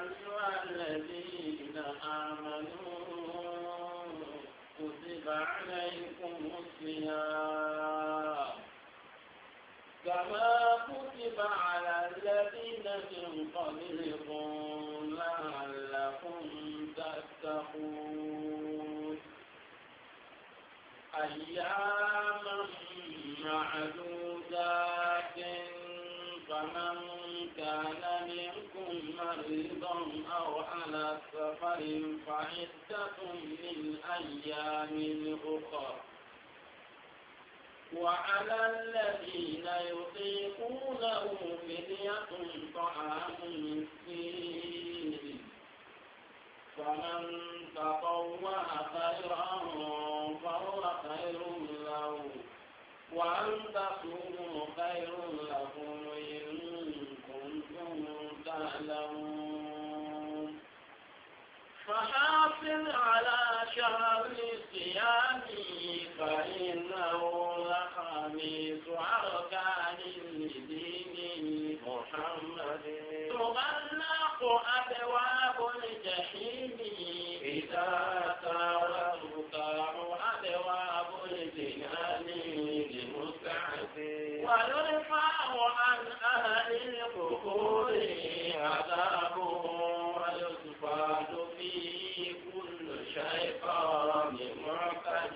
أيها الذين آمنوا كتب عليكم الصيام كما كتب على الذين من قبلكم لعلكم تتقون أيام شهر فعدة من أيام أخر وعلى الذين يطيقونه فدية طعام مسكين فمن تطوع خيرا فهو خير له وأن تصوموا خير لكم إن كنتم تعلمون حافظ على شهر صيامي فإنه لخميس عرفة بمعتد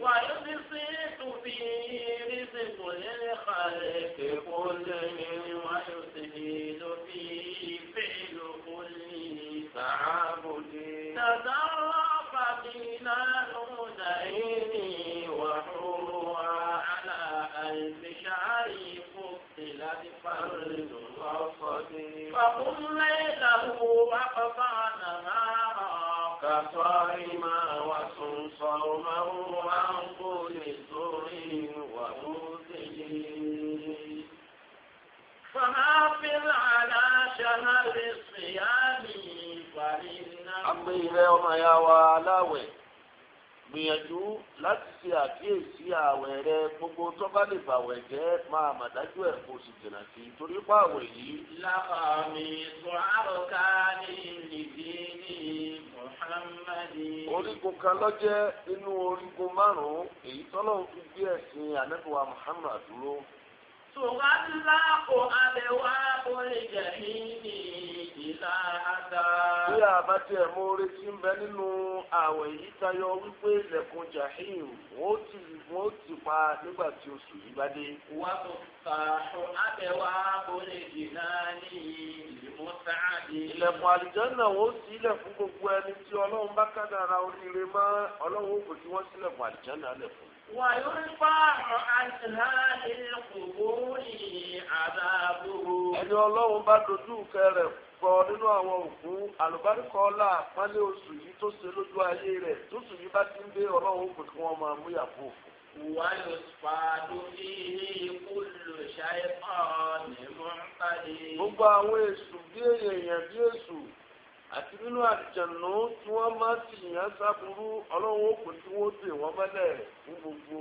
ويبسط فيه رزق الخلق كله ويسهل فيه فعل كل تعبد تذرع فقينا نودعيني وهو على ألف شعري فصلت فرد الرصد فقم ليله وقطع نهارا كصارما قوما عن قول سوء ومرسلين فحافظ على شهر الصيام فإنه أما إلى يوم يا وعلاوي gbìyànjú láti ṣe àkíyèsí àwẹ̀ rẹ gbogbo tó bá lè bàwẹ̀ jẹ́ máa mà dájú ẹ̀ kó sì jìnnà sí i torí pé àwẹ̀ yìí. láàmì sọ̀rọ̀ká ní ìdí ní Muhammadi. orígun kan ló jẹ́ inú orígun márùn-ún èyí tọ́lọ́run fi gbé ẹ̀sìn ànábìwá Muhammad dúró tùwálákò àbẹ̀wá kólé jẹ̀mí ní ìlà àga. bí àbátí ẹ̀ mú retí ń bẹ nínú àwẹ̀ yìí tayọ wípé ilẹ̀kùn jahim wọ́n ti wọ́n ti pa nígbà tí oṣù yìí bá dé. wà á fàṣọ àbẹ̀wá kólé jìnnà ní ìmúsáàdì. ilẹ̀kùn àlìjánná wọ́n ti ilẹ̀kùn gbogbo ẹni tí ọlọ́run bá kádàrá oríire mọ́ ọlọ́run ó kò tí wọ́n sílẹ̀kùn àlìjánná lẹ̀kùn ẹni ọlọ́run bá dojú ìfẹ́ rẹ̀ pọ̀ nínú àwọn òkú àlùbáríkọ ọlá àpọ́nlé oṣù yìí tó ṣe lójú ayé rẹ̀ tóṣù yìí bá ti ń gbé ọlọ́run kò kí wọ́n máa mú yàgò. wàyò fàdó ilé kúlò ṣáìpọ̀ ní mọ́tàdé. gbogbo àwọn èṣù bí èèyàn bí èṣù àti nínú àjẹnú tí wọ́n máa sì yàn sábúrú ọlọ́run òkú tí wọ́n dè wọ́n mẹ́lẹ̀ ní gbogbo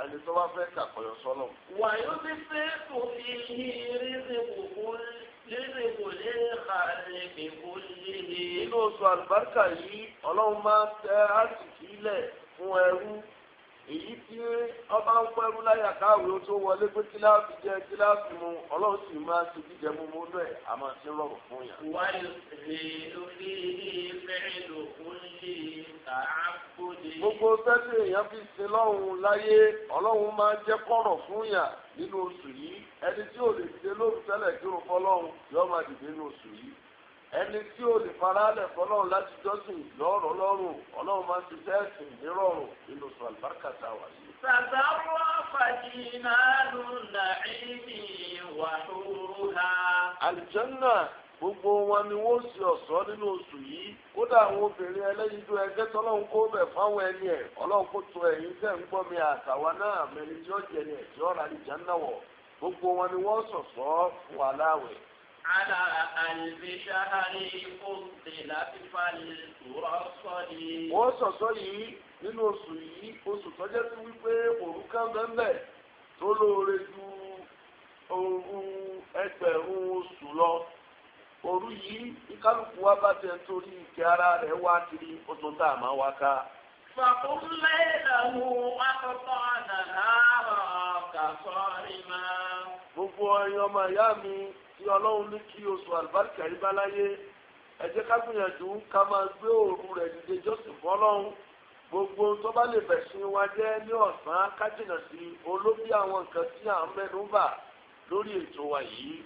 àlejòwá fẹ́ kàkọyọ̀ sọ́nà. wàyó ti fẹ́ kò fi hírí ní gbogbo lẹ́sẹ̀ kò lè kà lè fi lè. nínú oṣù àlùbáríkà yìí ọlọ́run máa tẹ àtìkí lẹ̀ fún ẹrú èyí tí ọba ń pẹ́rú láyà káwé ó tó wọlé pé kíláàsì jẹ kíláàsì mu ọlọ́run sì máa ti jíjẹ mu mú lẹ̀ a máa ti rọrùn fún yàn. wáyé ló fi fẹ́ẹ́ lò fún lè tààbòdè. gbogbo sẹ́sẹ̀ èèyàn fi sin lọ́hùn láyé ọlọ́run máa jẹ́ kọ̀rọ̀ fún yàn nínú oṣù yìí ẹni tí ò lè ṣe lóòótọ́ tẹ́lẹ̀ kí yóò máa dìde nínú oṣù yìí. ẹni tí o lè faralẹ̀ fọlọ́run láti jọ́sìn lọ́rọ̀ lọ́rùn ọlọ́run máa ti fẹ́ sìn nírọ̀rùn nínú sọ àlùbáríkà tá a wà sí. sàtàrọ̀ fàjìnnà lùnà gbogbo wọn ni wọn sì nínú oṣù yìí kódà àwọn obìnrin ẹlẹ́yin tó ẹgbẹ́ kó bẹ̀ fáwọn ẹni ẹ̀ ọlọ́run kó tó على ألف شهر فضلت فالترصد wọ́n sọ yìí nínú oṣù yìí oṣù tọ́jọ́ wípé òru kan tó lóore ju òru ẹgbẹ̀rún oṣù lọ òru yìí ìkálukú wa bá torí ìkẹ́ ara rẹ̀ wá kiri oṣù tá a máa wá ká. gbogbo ẹyọ ọmọ ìyá tí ọlọ́run ní kí oṣù àlùbáríkà yìí bá láyé ẹ jẹ́ ká máa gbé òru rẹ̀ dìde jọ́sìn fọ́lọ́run gbogbo tó bá lè bẹ̀sìn wa jẹ́ ní ọ̀sán ká jìnà sí olóbi àwọn nǹkan tí à ń mẹ́nu bà lórí ètò wa yìí.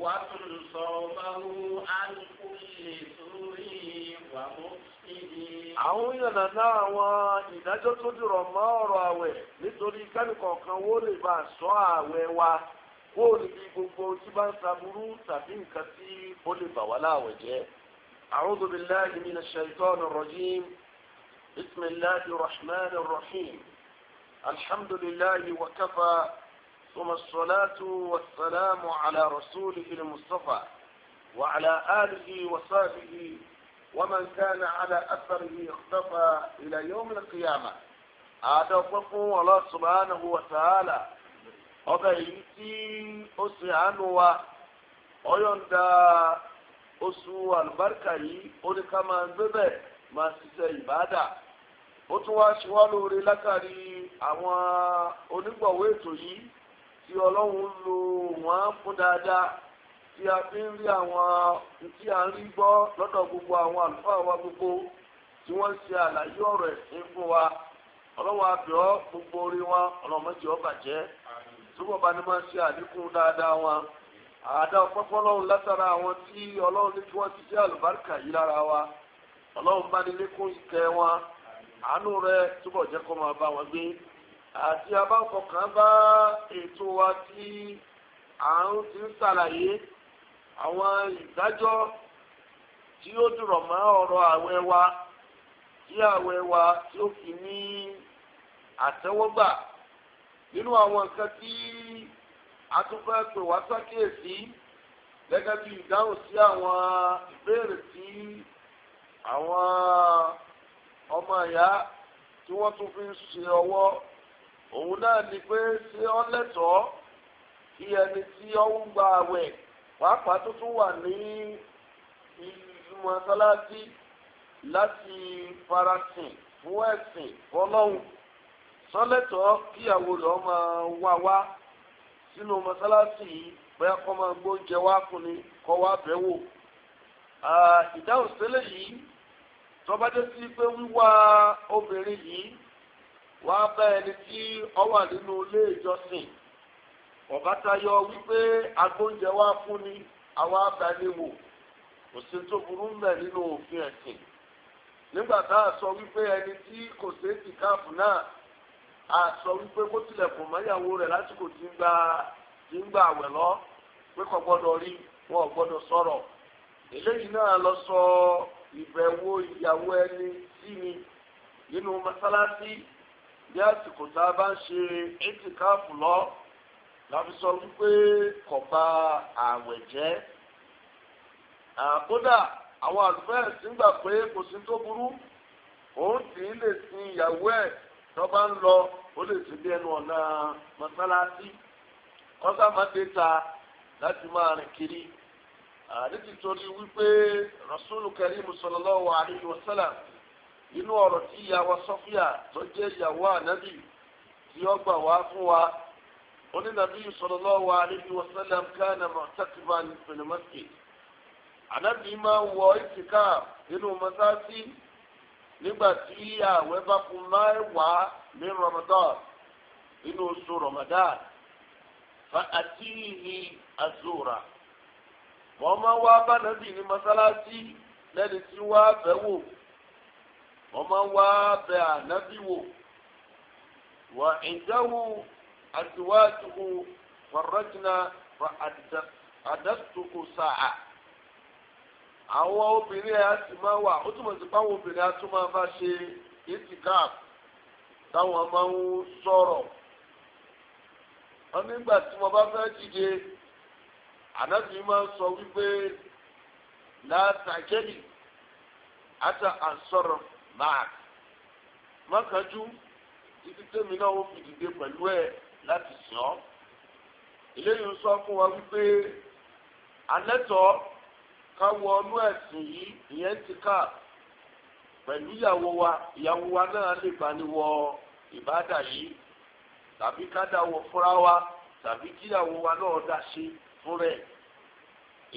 wà á tún sọ báwo alùpùpù lè sórí ìwà mọ́ síbi. àwọn yànnà náà àwọn ìdájọ́ tó dìrọ̀ mọ́ ọ̀rọ̀ àwẹ̀ nítorí kẹ́nìkọ̀ọ̀kan wó lè bá a sọ àwẹ̀ wa. kó o gbogbo tí bá ń sa burú tàbí nǹkan tí ó lè bà wá láàwẹ̀ jẹ́. a'udhu billahi minash shaitanir rajim bismillahir rahman rahim alhamdulillahi wa kafa wa salamu ala rasuli wa ala alihi wa رسوله wa man kana ala asarihi كان على أثره اختفى إلى يوم القيامة هذا وقف subhanahu wa ta'ala. ọba èyí tí ó ṣe àánú wa ọyọ̀ǹda oṣù àlùbáríkà yìí ó ní ká máa gbé bẹ́ẹ̀ máa ṣiṣẹ́ ìbáàdà ó tún wá ṣe wá lóore látàrí àwọn onígbọ̀wé ètò yìí tí ọlọ́run lò wọ́n fún dáadáa tí a fi ń rí àwọn tí a ń rí gbọ́ lọ́dọ̀ gbogbo àwọn àlùfáà wa gbogbo tí wọ́n ṣe àlàyé ọ̀rọ̀ ẹ̀sìn fún wa ọlọ́run àbíọ́ gbogbo orí wọn ọlọ́mọdé ọbàjẹ́ túbọ̀ bá ní máa ṣe àdínkù dáadáa wọn àdá ọpọpọ ọlọ́run látara àwọn tí ọlọ́run ní kí wọ́n ti jẹ́ àlùbáríkà yìí lára wa ọlọ́run bá ní lékún ìkẹ́ wọn àánú rẹ túbọ̀ jẹ́ kó máa bá wọn gbé àti abáǹkọ̀kan bá ètò wa tí à ń ti ń ṣàlàyé àwọn ìdájọ́ tí ó dùrọ̀ mọ́ ọ̀rọ̀ àwẹ̀ wa tí àwẹ̀ wa tí ó fi ní àtẹ́wọ́gbà nínú àwọn nǹkan tí a tún fẹ́ pè wá sákèésí gẹ́gẹ́ bí ìdáhùn sí àwọn ìbéèrè tí àwọn ọmọ ìyá tí wọ́n tún fi ń ṣe ọwọ́ òun náà ni pé ṣé ọ lẹ́tọ̀ọ́ kí ẹni tí ọ ń gba àwẹ̀ pàápàá tó tún wà ní ìlú mọ́sálásí láti farasin fún ẹ̀sìn fọlọ́hùn. sọ́lẹ̀tọ̀ kíyàwó lọ́ máa wá wá sínú mọ́sálásì yìí bóyá kọ́ máa gbóúnjẹ wá fún ni kọ́ wá bẹ́ẹ̀ wò. ìdáhùn sílẹ̀ yìí tọ́ba dé sí pé wíwá obìnrin yìí wá bá ẹni tí ọ wà nínú ilé ìjọsìn ọ̀bá tayọ wípé agbóúnjẹ wá fún ni àwa abalẹ̀ wò kò sí tó burú mẹ́ nínú òfin ẹ̀sìn nígbà tá wípé ẹni tí kò sí ètìkáàfù a sọ wípé kó tilẹ̀kùn mọ́yàwó rẹ̀ lásìkò tí ń gba tí ń gba àwẹ̀ lọ pé kò gbọ́dọ̀ rí wọn ò gbọ́dọ̀ sọ̀rọ̀ eléyìí náà lọ sọ ìbẹ̀wò ìyàwó ẹni sí mi nínú mọ́sálásí bí àsìkò tá a bá ń ṣe ètìkáàfù lọ láfi sọ wípé kò bà àwẹ̀ jẹ́ àkódà àwọn àlùfẹ́ ẹ̀sìn gbà pé kò sí tó burú òun sì lè sin ìyàwó ẹ̀ tọ́ba ń lọ ó lè sí bí ẹnu ọ̀nà mọ́sálásí kọ́sá máa dé ta láti máa rìn kiri àdéjì torí wípé rasulu karim sallallahu alayhi wa sallam inú ọ̀rọ̀ tí ìyàwó sọ́fíà tó jẹ́ ìyàwó ànábì tí ó gbà wá fún wa onínàbí sallallahu alayhi wa sallam kana mu'takiban fil masjid ànábì máa wọ ìtìká inú mọ́sálásí nígbà tí àwẹ̀ bá kù mẹ́wàá ní Ramadan nínú oṣù Ramadan fa àtìhì azura wọ́n máa wá bá nàbì ní masalasi lẹ́ni tí wá bẹ̀ wò wọ́n máa wá bẹ̀ ànábì wò wà ìdáwó àtiwájú wàrọ́jìnà fa àdàtúkù sáà àwọn obìnrin ẹ̀ á sì máa wà ó túmọ̀ sí fáwọn obìnrin á tún máa bá ṣe itikaf táwọn máa ń sọ̀rọ̀ wọn nígbà tí wọn bá fẹ́ dìde ànábì máa ń sọ wípé látàkẹ́lì àtà àǹsọ̀rọ̀ máa mọ́kànjú títí tẹ́mi náà ó fi dìde pẹ̀lú ẹ̀ láti sàn án eléyìí ń sọ fún wa wípé anẹ́tọ̀ọ́ ká wọ ọdún ẹ̀sìn yìí ìyẹn ti ká pẹ̀lú ìyàwó wa ìyàwó wa náà lè bá ní wọ ìbádà yìí tàbí ká dá wọ fúnra wa tàbí kíyàwó wa náà dá ṣe fún rẹ̀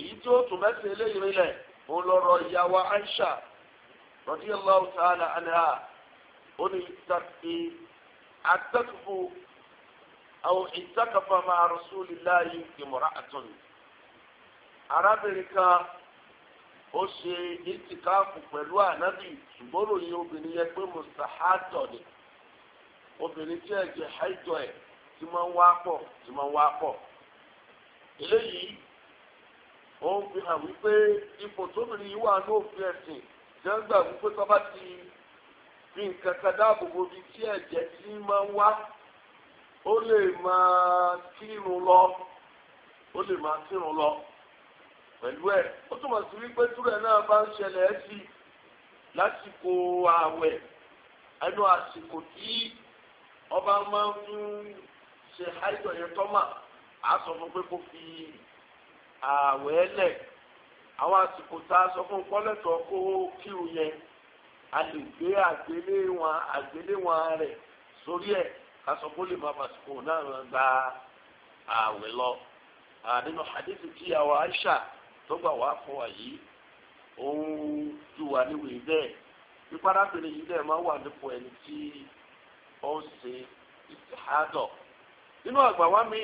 èyí tí ó tún mẹ́sẹ̀ eléyìí rinlẹ̀ òun lọ́rọ̀ ìyàwó Aisha radiyallahu ta'ala anha ó ní ìtàkì àtẹ́kùfù àwọn ìtàkàfà máa rasulillahi imra'atun arábìnrin kan. ó ṣe ìtìkáàfù pẹ̀lú ànábì ṣùgbọ́n ròyìn obìnrin yẹn pé mùsàhátọ̀ ni obìnrin tí ẹ̀jẹ̀ háìjọ ẹ̀ ti máa ń wá pọ̀ tí máa ń wá pọ̀ eléyìí ó ń fi hàn wípé ipò tóbìnrin yìí wà ẹ̀sìn gbà wípé tó ti fi ti máa ń wá ó lè máa kírun lọ lọ. pẹ̀lú ẹ̀ ó túmọ̀ sí wípé túrẹ̀ náà bá ń ṣẹlẹ̀ ẹ́ sí lásìkò ààwẹ̀ ẹnu àsìkò tí ọba máa ń ṣe àìsàn yẹn tọ́mà á sọ fún pé kó fi ààwẹ̀ lẹ̀ àwọn àsìkò tá a sọ fún pọ́lẹ́tọ̀ kó kírù yẹn a lè gbé àgbéléwọ̀n àgbéléwọ̀n rẹ̀ sórí ẹ̀ ká sọ kó lè máa bàtìkò náà gba ààwẹ̀ lọ nínú hadithi tí àwọn Aisha. tó gbà wá fún wa yìí òun ju wà níwèé bẹ́ẹ̀ ìparábìnrin yìí dẹ̀ máa wà nípò ẹni tí ó ń ṣe ìtìhádọ̀ nínú àgbà wa mi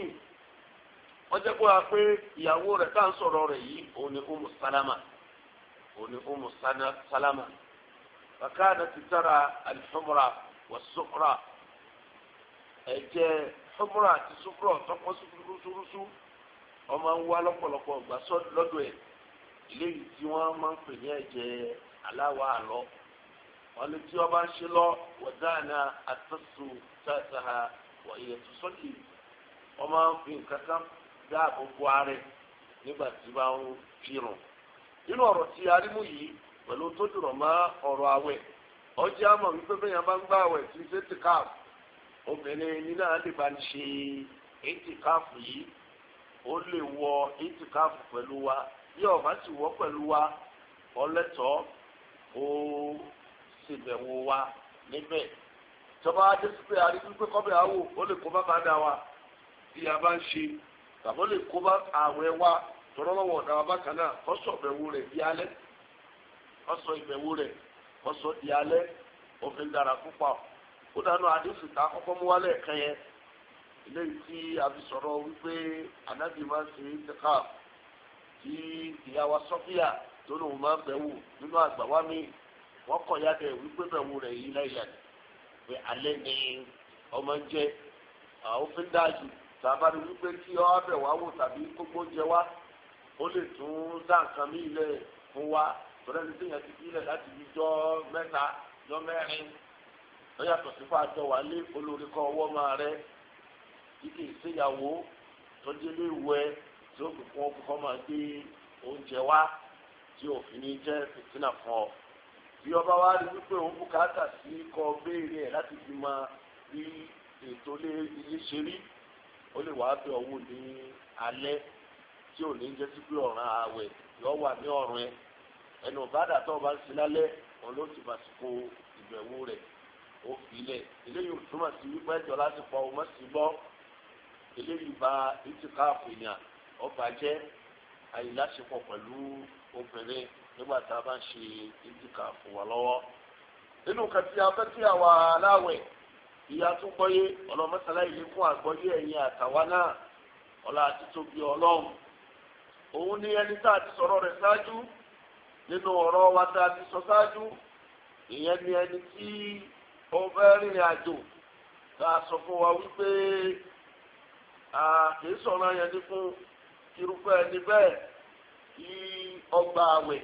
wọ́n jẹ́ kó wa pé ìyàwó rẹ̀ tá à ń sọ̀rọ̀ rẹ̀ yìí òun ni umu salama òun ni umu salama ti tara alifamura wà sukura ẹ̀jẹ̀ famura àti sukura ọ̀tọ́kọ́ sukurusurusu. ọmọ ń wá lọ́pọ̀lọpọ̀ ọgbà lọ́dọ̀ ẹ̀ eléyìí tí wọ́n máa ń pè ní ẹ̀jẹ̀ aláwa àlọ́ wọn ni tí wọ́n bá ń ṣe lọ wọ̀dáàna àtọ́sù tàtàhà wọ̀ ìyẹ̀tù sọ́ọ̀tì wọ́n máa ń fi nǹkan kan dáàbò bo ara nígbà tí wọ́n ń kírun nínú ọ̀rọ̀ tí yìí pẹ̀lú tó mọ́ ọ̀rọ̀ àwẹ̀ ọjà mọ̀ wípé bẹ́ẹ̀ yẹn bá ń àwẹ̀ tí ṣe obìnrin nínú ó lè wọ ìtìkáàfù pẹ̀lú wa bí ọ̀bá sì wọ́ pẹ̀lú wa ọlẹ́tọ̀ọ́ ó sì bẹ̀wò wa níbẹ̀ tọba adésípé arígbígbé kọ́bẹ̀ àwò ó lè kó bá bá dá wa bí a bá ń ṣe tàbí ó lè kó bá àwẹ̀ wa tọ́lọ́wọ́ ọ̀dà wa bákan náà kó sọ ìbẹ̀wò rẹ̀ di alẹ́ kó sọ ìbẹ̀wò rẹ̀ kó sọ di alẹ́ òfin dára púpọ̀ ó dànù adésì tá a kọ́kọ́ mú wálẹ̀ kẹ́yẹ eléyìí tí a fi sọ̀rọ̀ wípé anabi máa ń ṣe ìtẹ̀ká tí ìyàwó sọ́fíà tó lòun máa ń bẹ̀wò nínú àgbà wá mi wọ́n kọ̀ ya dẹ̀ wípé bẹ̀wò rẹ̀ yìí lẹ́yìn pé alẹ́ ni ọmọ ń jẹ́ àwọn fi ń dájú tàbá ni wípé kí ọ bẹ̀ wá wò tàbí gbogbo jẹ wá ó lè tún dá nǹkan mí lẹ̀ fún wa tọ́lá ní sèyàn ti fi lẹ̀ láti fi jọ mẹ́ta jọ mẹ́rin lọ́yàtọ̀ sí fún olórí kọ́ ọwọ́ máa rẹ́ kíkì ìgbéyàwó tọ́jú ilé ìwẹ̀ tí ó fi kún ọkọ̀ máa gbé oúnjẹ wá tí òfin ní jẹ́ fìtínà fún ọ. bí ọba wa rí wípé òun bùkátà sí kọ béèrè ẹ̀ láti fi máa rí ètò ilé ṣe rí ó lè wàá bẹ ọwọ́ ní alẹ́ tí ò ní jẹ́ sí pé ọ̀ràn ààwẹ̀ yọ wà ní ọ̀rùn ẹ ẹnu ìbádà tó o bá ń sin lálẹ́ òun ló ti bàsíkò ìbẹ̀wò rẹ̀ ó fi lẹ̀ eléyìí ò túmọ̀ sí wípé ẹjọ́ láti pọ̀ ọmọ sí gbọ́ eléyìí ba ìtìkáàfù yàn ọba jẹ́ àyíláṣepọ̀ pẹ̀lú obìnrin nígbà tá a bá ń ṣe ìtìkáàfù wa lọ́wọ́. nínú kàtí abẹ́ tí àwa aláwẹ̀ ìyá tó gbọ́yé ọlọ́mọ́sálá ìlú fún àgbọ́yé ẹ̀yìn àtàwa náà ọlá àti tóbi ọlọ́run òun ni ẹni tá a ti sọ̀rọ̀ rẹ̀ ṣáájú nínú ọ̀rọ̀ wa tá a ti sọ ṣáájú ìyẹn ni ẹni tí ó fẹ́ rìnrìn àjò tá a sọ fún wa wípé kìí sọ̀rọ̀ yẹn ní fún irúfẹ́ ẹni bẹ́ẹ̀ kí ọgbà àwẹ̀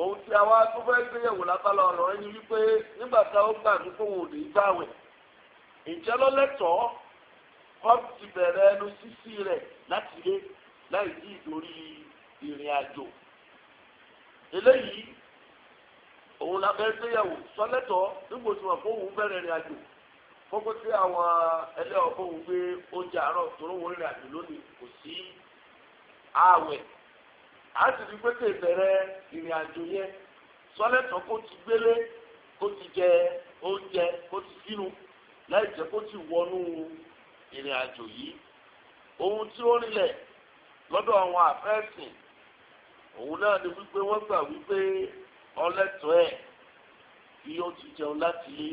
òun tí àwa tó fẹ́ gbéyẹ̀wò lábala ọ̀rọ̀ ẹni wípé nígbà tá ó gbà mí fóun gbà àwẹ̀ ìjẹ́ lọ́lẹ́tọ̀ọ́ kọ́ ti bẹ̀rẹ̀ ẹnu sísí rẹ̀ láti lé láì sí ìdórí ìrìn àjò eléyìí òun la fẹ́ wọn fóun kókó tí àwọn ẹlẹ́ ọ̀fọ́ wò pé oúnjẹ àárọ̀ tóró wọ́n rìn àjò lónìí kò sí ààwẹ̀ a sì rí pé kèé bẹ̀rẹ̀ ìrìn àjò yẹn sọ́lẹ́tọ̀ kó ti gbélé kó ti jẹ oúnjẹ kó ti sínú láì jẹ́ kó ti wọnú ìrìn àjò yìí ohun tí ó rinlẹ̀ lọ́dọ̀ àwọn àfẹ́sìn òun náà ni wípé wọ́n gbà wípé ọlẹ́tọ̀ọ́ ẹ̀ bí ó ti jẹun láti lé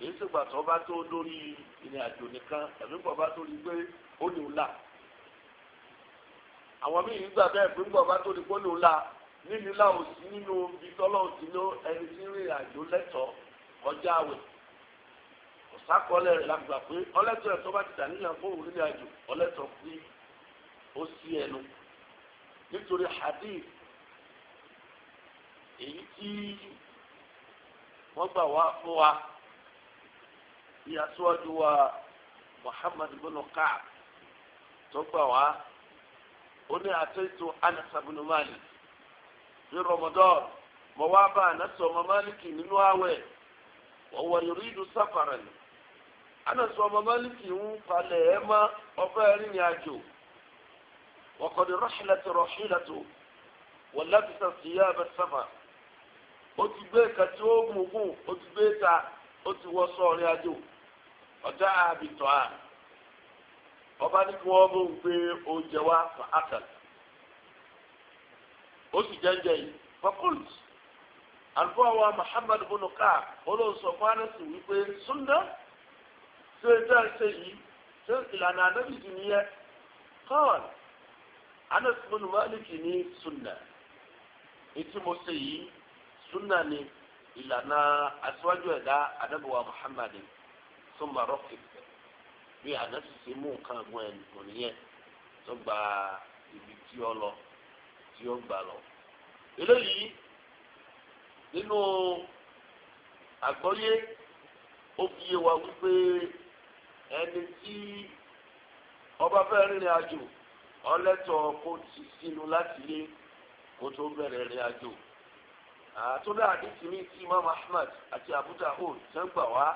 èyí tó gbà tó bá tó lórí ìrìn àjò nìkan tàbí gbọ́ bá tó rí pé ó lè ń la àwọn míì nígbà bẹ́ẹ̀ pé gbọ́ bá tó rí pé ó lè ń la nílùú làwọn sí nínú ibi tọ́lọ́ sí ló ẹni tí ń rìn àjò lẹ́tọ̀ọ́ kọjá àwẹ̀ ọ̀sákọ́lẹ̀ rẹ̀ lágbà pé ọlẹ́tọ̀ ẹ̀ tó bá ti dà níyàn fún òun rìn àjò ọlẹ́tọ̀ pé ó sí ẹnu nítorí hadith èyí tí wọ́n gbà wá fún wa tí aṣíwájú wa muhammad bin Ka'b tó gbà wá ó ní àtẹ́tù anas bin malik ní ramadan mo wá bá anas ọmọ malik nínú àwẹ̀ wọ́n wọ yuridu safaran anas ọmọ malik ń palẹ̀ ẹ̀ mọ́ ọbẹ̀ rìnrìn àjò wọ́kọ̀dé rọ́ṣìlẹ̀tì rọ́ṣìlẹ̀tì wọ́n lábìsà síyá abẹ́ sábà ó ti gbé kàtí ó mú gùn ó ti gbé ta ó ti wọ́ sọ́ọ̀rẹ́ àjò ọjọ́ àbítọ́ à ọba ní kí wọ́n bó ń gbé oúnjẹ wá fún akal ó sì jẹ́njẹ́ yìí fakult àlùfáà wa Muhammad bin Ka'b olóòsọ fáánẹ́sì wípé sunna ṣé ẹ jẹ́ ṣe yìí ṣé ìlànà ànábì sì nìyẹn kọ́ọ̀n Anas bin Malik ní sunna ètí mo ṣe yìí sunna ni ìlànà aṣíwájú ẹ̀dá ànábì wa Muhammad tó ń bá rọ́ọ̀kì fẹ́ bí ànábì ṣe mú nǹkan mọ́ ẹnì kò níyẹn tó gba ibi tí ó lọ tí ó gbà lọ. eléyìí nínú àgbọ́yé ó fi yé wa wípé ẹni tí ọba fẹ́ rìnrìn àjò ọlẹ́tọ̀ kó ti sínú láti lé kó tó bẹ̀rẹ̀ rìn àjò àtúndà àdìsí mi ti imam ahmad àti abu dahud tẹ́ ń gbà wá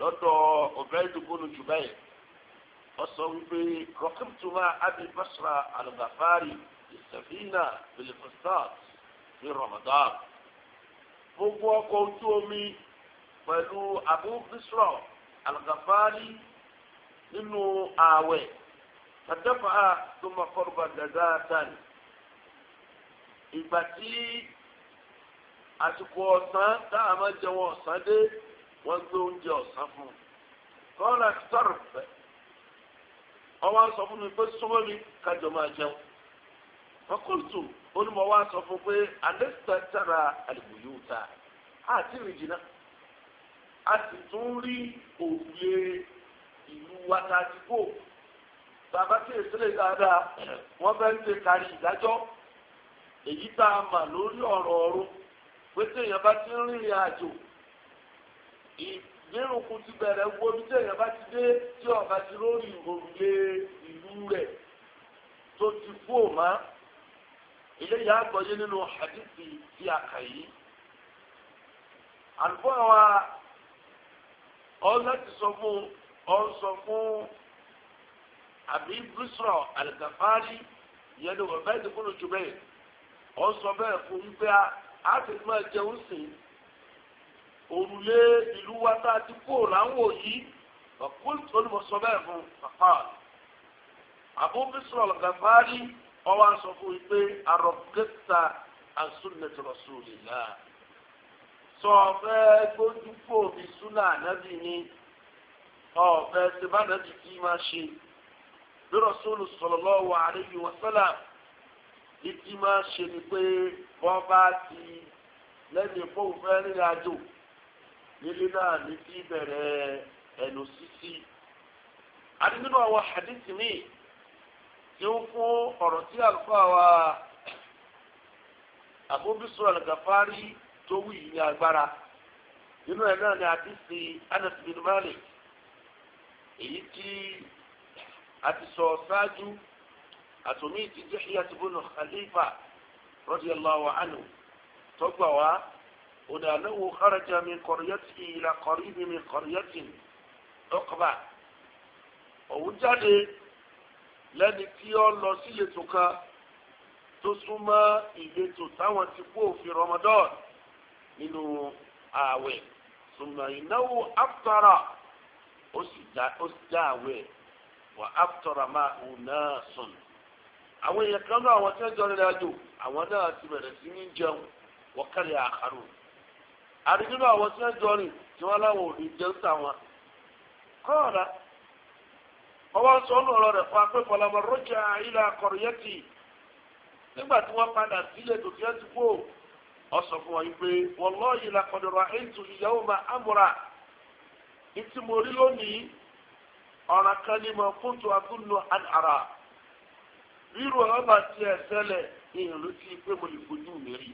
lọ́dọ̀ ọ̀bẹ́rẹ́dì bọ́lù jùbẹ́yẹ ọsọ wípé rọ́kìmtùmá abi basra alùbàfárì ìsàfínà bilifasad ní ramadan gbogbo ọkọ̀ ojú omi pẹ̀lú abu bisra alùbàfárì nínú ààwẹ̀ kàtẹ́fà tó máa kọ́rùbà gàdá tán ìgbà tí àsìkò ọ̀sán tá a máa jẹun ọ̀sán dé. wọ́n gbé oúnjẹ ọ̀sán fún un kọ́lá sọ̀rọ̀fẹ́ ọwọ́ sọ fún mi pé súnmọ́ mi kájọ máa jẹun fakultu onímọ̀ wa sọ fún pé alẹ́sítàtàrà a sì tún rí òrùlé ìlú wàtàdìgbò bàbá tí èsìlè dáadáa wọ́n fẹ́ ń ṣe kárí ìdájọ́ èyí tá a mà lórí ọ̀rọ̀ ọ̀run pé ìgbérùn kù ti bẹ̀rẹ̀ wo bí tẹ̀yẹ̀ bá ti dé tí ọba ti lórí òrùlé ìlú rẹ̀ tó ti fú òmá eléyìí àgbọ̀yé nínú hadithi tí a kà yìí. àlùfáà wa ọ láti sọ fún ọ sọ fún àbí bísrọ àlùkàfárí yẹn ni wọ́n bẹ́ẹ̀ ti kúrò jù bẹ́ẹ̀ ọ sọ bẹ́ẹ̀ fún pé a ti máa jẹun sìn òrùlé ìlú wa tá a ti kó láwọn yìí ọ̀kúlù olùmọ̀sọ bẹ́ẹ̀ fún pàpà àbúbísọ̀ gàfárí ọwọ́ sọ fún mi pé arọ̀gẹ́ta asúnnẹ̀tì rasulillah sọ fẹ́ gbójú kó mi súnà ànábì ni ọ̀fẹ́ sèbánàbì kì í máa ṣe bí rasúlù sallallahu alayhi wa sallam ìtì máa ṣe ni pé bọ́ bá ti lẹ́yìn fóun fẹ́ rírìn àjò nílé náà ní ti bẹ̀rẹ̀ ẹnu sísí. àti àwọn hadith mi tí ó fún ọ̀rọ̀ tí àlùfáà wa àbóbísọ àlùgàfárí tó wù yìí ní agbára nínú ẹ̀ náà ni hadisi Anas bin Malik èyí tí a ti sọ ṣáájú àtòmí ti Dihya ibn Khalifa radiyallahu wa. tó gbà wá. هنا أنه خرج من قريته إلى قريب من قرية عقبة òun jáde lẹ́ni tí ó lọ sí ìletò kan tó súnmọ́ ìletò táwọn ti kú òfin Ramadan nínú ààwẹ̀ súnmọ́ ìnáwó aftara ó sì já ààwẹ̀ wà aftara máa hù náà sùn. àwọn èèyàn kan náà àwọn tẹ́jọ́ rẹ̀ àjò àwọn náà ti bẹ̀rẹ̀ sí ní jẹun wọ́n kárí àkàrò àdìjúlọ àwọn tí wọ́n jọ rìn tí wọ́n láwọn òní jẹ́ sáwọn. kọ́ọ̀dà ọwọ́ sọ ọ́nù ọ̀rọ̀ rẹ̀ fún akpé fọlọ́mọ rọ́jà ilà kọ̀rọ̀yẹ́tì nígbà tí wọ́n padà sílé tó fi ẹ́ fún wọn yìí pé wọ́n lọ́ọ́ yìí la kọ̀dọ̀rọ̀ ètò ìyàwó ma amúra ìtì mo rí lónìí ọ̀ràn kan ní mo fún tó akúnnu àdàrà rírò ọba tiẹ̀ ṣẹlẹ̀ ìhìn ló pé mo lè fojú mi rí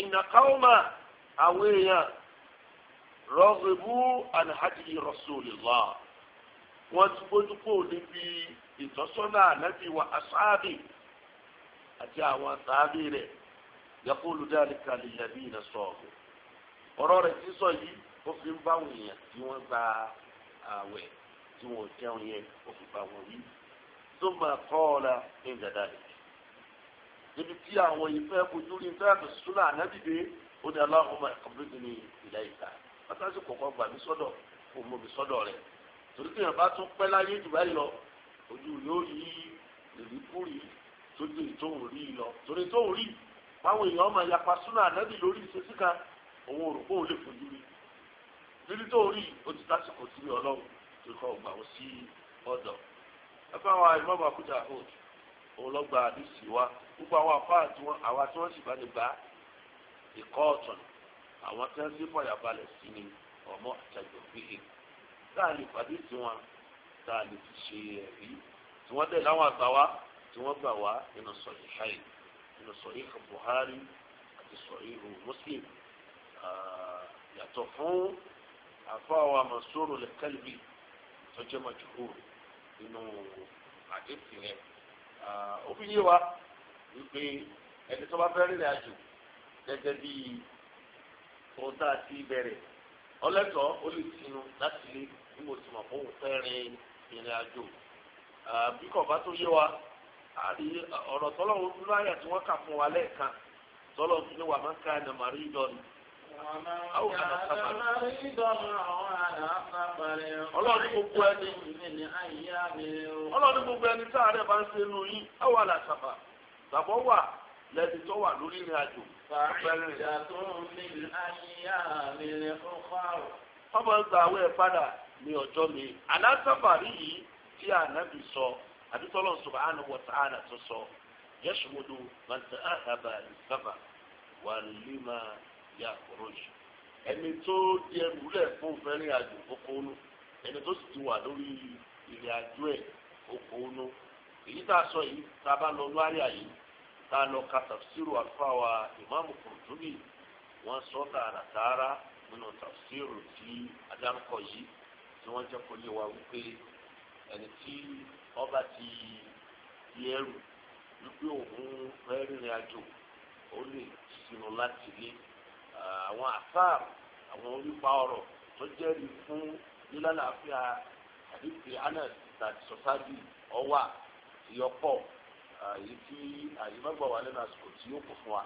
ìnàkàwọ́ máa àwọn èèyàn rọ́gbìbú anahadi rasulillah wọ́n ti gbójú kó níbi ìtọ́sọ́nà ànábì wa asáàbì àti àwọn sáàbì rẹ̀ yakulu dhalika lilladhina sọ̀rọ̀ ọ̀rọ̀ rẹ̀ sísọ yìí ó fi ń bá àwọn èèyàn tí wọ́n gba ààwẹ̀ tí wọ́n jẹun yẹn ó fi bá wọn wí thumma qala inda dhalik níbi tí àwọn ìfẹ́ kojú rí fẹ́ẹ́ fi súnà dé ó ní aláwọ̀ ẹ̀kọ́bílì ní ìlẹ̀ ìta pátásì kọ̀ọ̀kan gbà mí sọ́dọ̀ kò mọ̀ mí sọ́dọ̀ rẹ̀ torí pé yàrá tún pẹ́ láyé jù báyìí lọ ojú yóò yí lèlíkúrì tó dé ìtòhùn rí lọ torí ìtòhùn rí báwọn èèyàn máa yapa súnà ànábì lórí ìṣesí kan òun ò rò pé lè fojú rí nítorí tó rí o ti tásìkò sí ọlọ́run tó kọ́ ọgbà ó sí ọ̀dọ̀ ẹgbẹ́ àwọn àìmọ́bà kúta hold òun lọ́gbà àdìsí wa gbogbo àwọn àfáà àwọn tí wọ́n sì bá lè gbà ìkọ́ ọ̀tún àwọn tí wọ́n ti fọyà balẹ̀ sí ni ọmọ àtàjọ fìhì tá a lè pàdé sí wọn tá a lè fi ṣe ẹ̀rí tí wọ́n dẹ̀ láwọn àgbà wá tí wọ́n gbà wá nínú sọ̀rí ṣáì nínú sọ̀rí Buhari àti sọ̀rí Muslim yàtọ̀ fún àfọwọ́ àmọ̀sóró lẹ́kẹ́lbì tó jẹ́ mọ̀jùkúrò nínú àdéhùn rẹ̀ òfin yé wa wípé ẹni tó bá fẹ́ rìnrìn àjò. gẹ́gẹ́ bí ohun a ti bẹ̀rẹ̀ ọlẹ́tọ̀ ó lè tinú láti lé bí mo ti mọ̀ fóun fẹ́ ìrìn àjò bí kọ̀ọ̀bá tó yé wa ọ̀rọ̀ tí wọ́n kà fún wa lẹ́ẹ̀kan tó ka ẹ̀nà màrí ìdọ́nù. àwọn gbogbo ẹni ọlọ́ọ̀ni gbogbo ẹni ń lẹbi tó wà lórí ìrìn àjò. fàájà tó ń fi àyà mi lè fún fáwọ. ọmọ ń gba àwẹ̀ padà ní ọjọ́ mi aláṣàbàrí yìí tí ànábì sọ àbí tọ́lọ̀ subhanahu wa ta'ala tó sọ yẹ́sùmọ́dù màtí àhàbà ìsábà wà lima ya kúròjì. ẹni tó di ẹrù lẹ̀ fún fẹ́rẹ́ àjò okòónú ẹni tó sì ti wà lórí ìrìn àjò ẹ̀ okòónú èyí tá a sọ yìí tá a bá lọ lórí àyè yìí tá a lọ ka tafsiru alfawa ìmáàmù kùrùtùbì wọ́n sọ tààràtààrà nínú tafsiru tí adarúkọ yìí tí wọ́n jẹ́ kó lè wá wípé ẹni tí ọba ti di ẹrù wípé òun fẹ́ rìnrìn àjò ó lè sinú láti lé àwọn àfáàrù àwọn onípa ọ̀rọ̀ tó jẹ́rìí fún lílálàáfíà àdìsí anas tàbí sọ́sáàbì ọwà ìyọpọ̀ àyè tí àyè má gbà wá lẹ́nu àsìkò tí yóò kó fún wa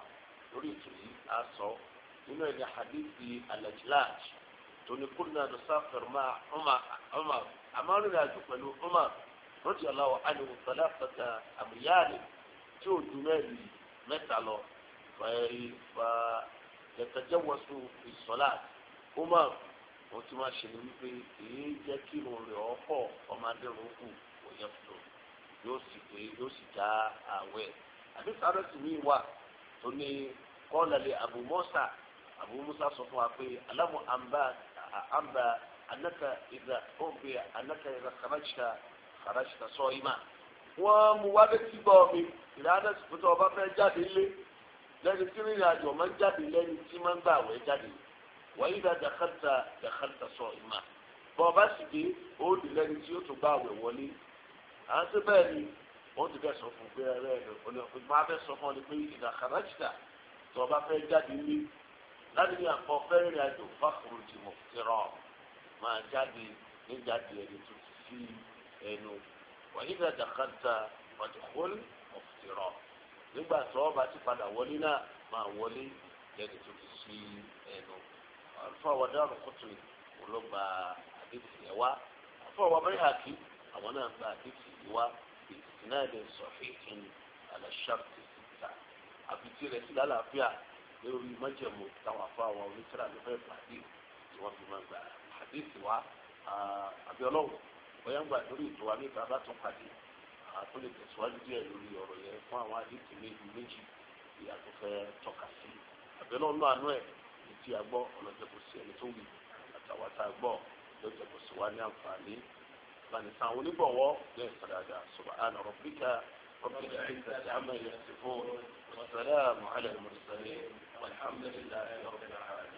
lórí ètò yìí á sọ nínú ẹni hadithi alajilaj tó ní kúrúnà ló sáfẹ̀rẹ̀ máa Umar amárìnrìn àjò pẹ̀lú Umar rọ́jì aláwọ̀ ánìwò pẹ̀lú àpẹta àmìyáàlì tí ò ju mẹ́rin mẹ́ta lọ fàyẹ̀rì fà yẹtẹ̀jẹ̀wọ̀sù ìsọ̀lá Umar wọ́n ti máa ṣe ní wípé èyí jẹ́ kí irun rẹ̀ ọkọ̀ ọmọdé rẹ̀ ó yóò sì pé yóò sì já àwẹ̀ àbí sàrẹ́sì mi wà tó ní kọ́ńdàlẹ̀ Abu Musa Abu Musa sọ fún wa pé alamu anba anba anaka ìdá òǹbẹ anaka ìdá kàràṣìkà kàràṣìkà sọ ìmà wọ́n mú wá létí bọ́ mi ìlànà ìfúntà ọba fẹ́ jáde lé lẹ́ni tí rìnrìn àjò máa ń jáde lẹ́ni tí máa ń gbà wẹ́ jáde wọ́n yí dáadáa kàtà dàkàtà sọ ìmà bọ́ ọba sì dé ó dì lẹ́ni tí ó tún gbà wẹ̀ wọlé àwọn tó bẹ́ẹ̀ ni wọ́n ti bẹ́ẹ̀ sọ fún pé ẹ̀rẹ́ rẹ̀ ọ̀nà ìgbà bẹ́ẹ̀ sọ fún ọ ni pé ìdá kàràjìdá tó o bá fẹ́ jáde ní láti ní àpọ̀ fẹ́rẹ́ rẹ̀ àjò fáfúrú ti mọ̀ ti rọ̀ máa jáde níjáde ẹni tó ti fi ẹnu wà ìdá dàkàtà wàdìkún ọ̀fìrọ̀ nígbà tó o ti padà wọlé náà máa wọlé ẹni tó ti fi ẹnu àlùfáà wàdà ọ̀rọ̀ kọ́tù ọlọ́gbà àdébìyẹ̀wá àwọn náà gba àdìsí wá ìsìnàdì sọ̀fìkìn àlàṣàkì síta àbítí rẹ̀ sí lálàáfíà lórí májẹ̀mú táwọn afọ àwọn onítìrà ló fẹ́ pàdé tí wọ́n fi máa gba àdìsí wá àbíọ́lọ́wọ̀ bóyá ń gbà lórí ètò wa ní ìta bá tún pàdé àtún lè tẹ̀síwájú díẹ̀ lórí ọ̀rọ̀ yẹn fún àwọn àdìsí méjì ìyàtọ̀ fẹ́ tọ́ka sí àbẹ̀lọ́ ńlọ àánú ẹ̀ بنسان يعني ونبوا ليس هذا سبحان ربك رب العزة عما يصفون والسلام على المرسلين والحمد لله رب العالمين